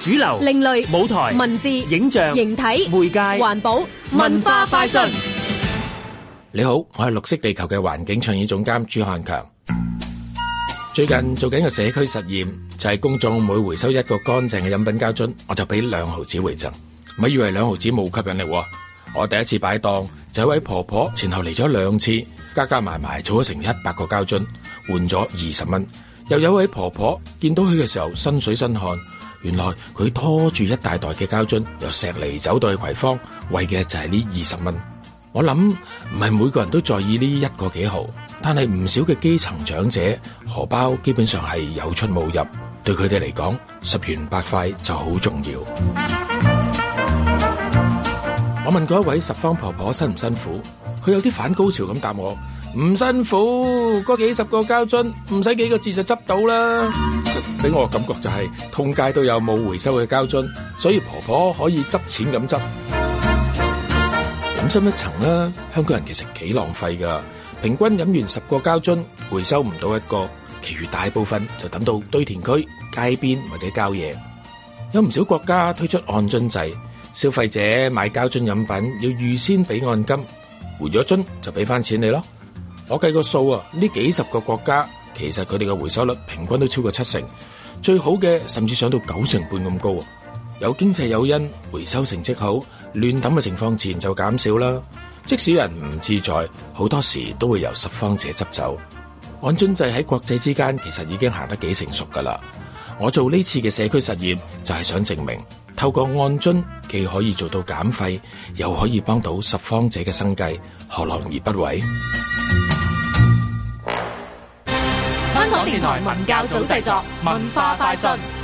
主流、另類舞台、文字、影像、形體、媒介、環保、文化快訊。你好，我係綠色地球嘅環境倡議總監朱漢強。最近做緊個社區實驗，就係公眾每回收一個乾淨嘅飲品膠樽，我就俾兩毫紙回贈。咪以為兩毫紙冇吸引力？我第一次擺檔，就一位婆婆前後嚟咗兩次，加加埋埋做咗成一百個膠樽，換咗二十蚊。又有位婆婆見到佢嘅時候，身水身汗。原來佢拖住一大袋嘅膠樽，由石梨走到去葵芳，為嘅就係呢二十蚊。我諗唔係每個人都在意呢一個幾毫，但係唔少嘅基層長者，荷包基本上係有出冇入，對佢哋嚟講，十元八塊就好重要。 我問過一位拾荒婆婆辛唔辛苦，佢有啲反高潮咁答我。唔辛苦，嗰幾十個膠樽唔使幾個字就執到啦。俾我感覺就係，通街都有冇回收嘅膠樽，所以婆婆可以執錢咁執。諗深一層啦，香港人其實幾浪費噶，平均飲完十個膠樽，回收唔到一個，其餘大部分就等到堆填區、街邊或者郊野。有唔少國家推出按樽制，消費者買膠樽飲品要預先俾按金，回咗樽就俾翻錢你咯。我計個數啊，呢幾十個國家其實佢哋嘅回收率平均都超過七成，最好嘅甚至上到九成半咁高。有經濟有因，回收成績好，亂抌嘅情況自然就減少啦。即使人唔自在，好多時都會由拾荒者執走。按樽制喺國際之間其實已經行得幾成熟噶啦。我做呢次嘅社區實驗就係想證明，透過按樽既可以做到減費，又可以幫到拾荒者嘅生計，何樂而不為？電台文教組製作，文化快訊。